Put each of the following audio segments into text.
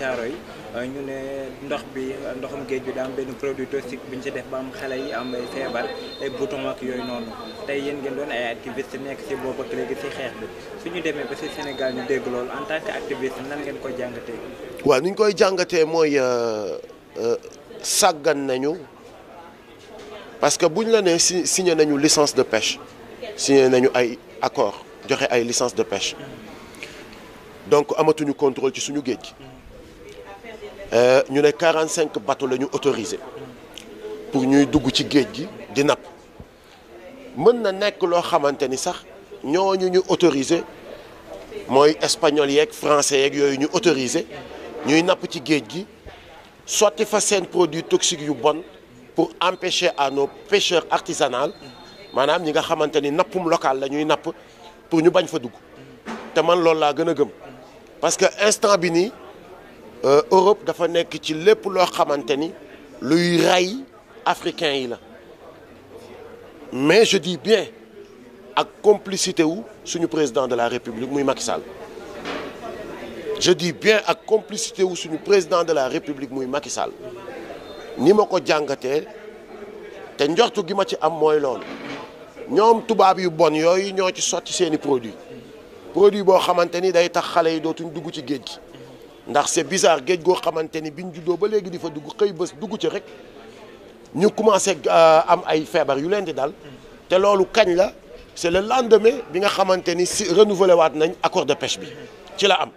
Caaroy euh, ñu né ndox bi euh, ndoxum géej bi daa am benn produit toxique buñ ci def ba am xale yi am ay feebar ay bouton ak yoy noonu tay yeen ngeen doon ay activiste nekk ci boobu ak léegi ci xeex bi suñu démé ba ci Sénégal ñu dégg lool en tant que activiste nan ngeen ko jangaté wa ni ñu koy jangaté jàngatee euh, euh sàggan nañu parce que buñ la né signé nañu licence de pêche signé nañu ay accord joxé ay licence de pêche mm-hmm. donc amatuñu contrôle ci suñu géej. Mm-hmm. Euh, ñu ne 45 bateaux la ñu autorisé pour ñuy dugg ci géej gi di napp mën na nekk loo xamante ni sax ñooñu ñu autorisé mooy espagnol yeeg français yeeg yooyu ñu autorisé ñuy napp ci géej gi sotti fa seen produits toxiques yu bon pour empêcher à nos pêcheurs artisanaux maanaam ñi nga xamante ni local la ñuy napp pour ñu bañ fa dugg te man loolu la gën a gëm parce que instant bi nii. Euh, Europe dafa nekk ci lépp loo xamante ni luy rey africain yi la mais je dis bien ak complicité wu suñu président de la république muy Macky Sall je dis bien ak complicité wu suñu président de la république muy Macky Sall ni moko djangate, jàngatee te njortu gi ci am moy loolu Ñom tubab yu bon yoy ñoo ci sotti seeni produit produit bo xamanteni day tax xalé yi dootuñ dugg ci géej gi c'est bizarre geej go xamanteni biñ ba légui difa dugg commencé euh, am ay yu c'est le lendemain bi nga renouvelé wat accord de pêche bi ci la am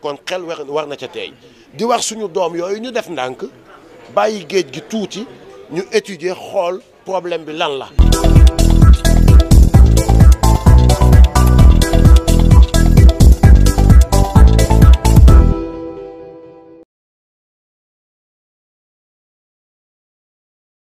kon xel war na ca tay di wax suñu doom ñu def ndank geej gi étudier problème